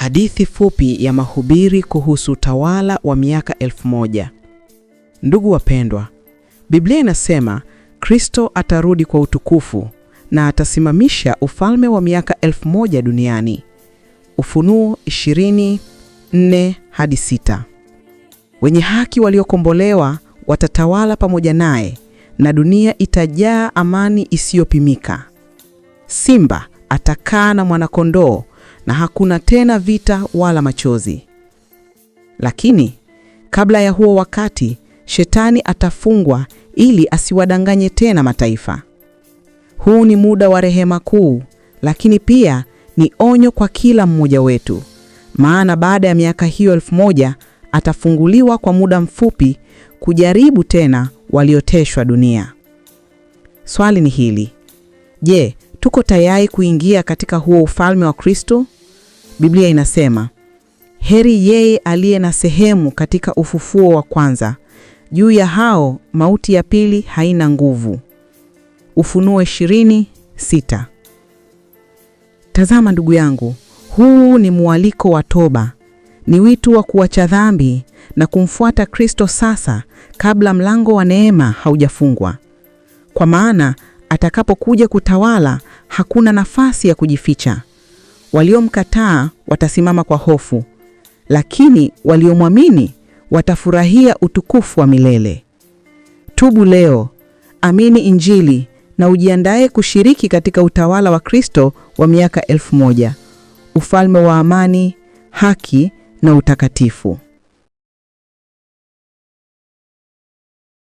Hadithi fupi ya mahubiri kuhusu utawala wa miaka elfu moja. Ndugu wapendwa, Biblia inasema Kristo atarudi kwa utukufu na atasimamisha ufalme wa miaka elfu moja duniani. Ufunuo 20:4 hadi 6. Wenye haki waliokombolewa watatawala pamoja naye na dunia itajaa amani isiyopimika. Simba atakaa na mwanakondoo na hakuna tena vita wala machozi. Lakini kabla ya huo wakati, shetani atafungwa ili asiwadanganye tena mataifa. Huu ni muda wa rehema kuu, lakini pia ni onyo kwa kila mmoja wetu, maana baada ya miaka hiyo elfu moja atafunguliwa kwa muda mfupi kujaribu tena walioteshwa dunia. Swali ni hili: je, Tuko tayari kuingia katika huo ufalme wa Kristo? Biblia inasema, heri yeye aliye na sehemu katika ufufuo wa kwanza. Juu ya hao mauti ya pili haina nguvu. Ufunuo 20:6. Tazama ndugu yangu, huu ni mwaliko wa toba. Ni wito wa kuacha dhambi na kumfuata Kristo sasa kabla mlango wa neema haujafungwa. Kwa maana atakapokuja kutawala hakuna nafasi ya kujificha. Waliomkataa watasimama kwa hofu, lakini waliomwamini watafurahia utukufu wa milele. Tubu leo, amini Injili na ujiandae kushiriki katika utawala wa Kristo wa miaka elfu moja, ufalme wa amani, haki na utakatifu.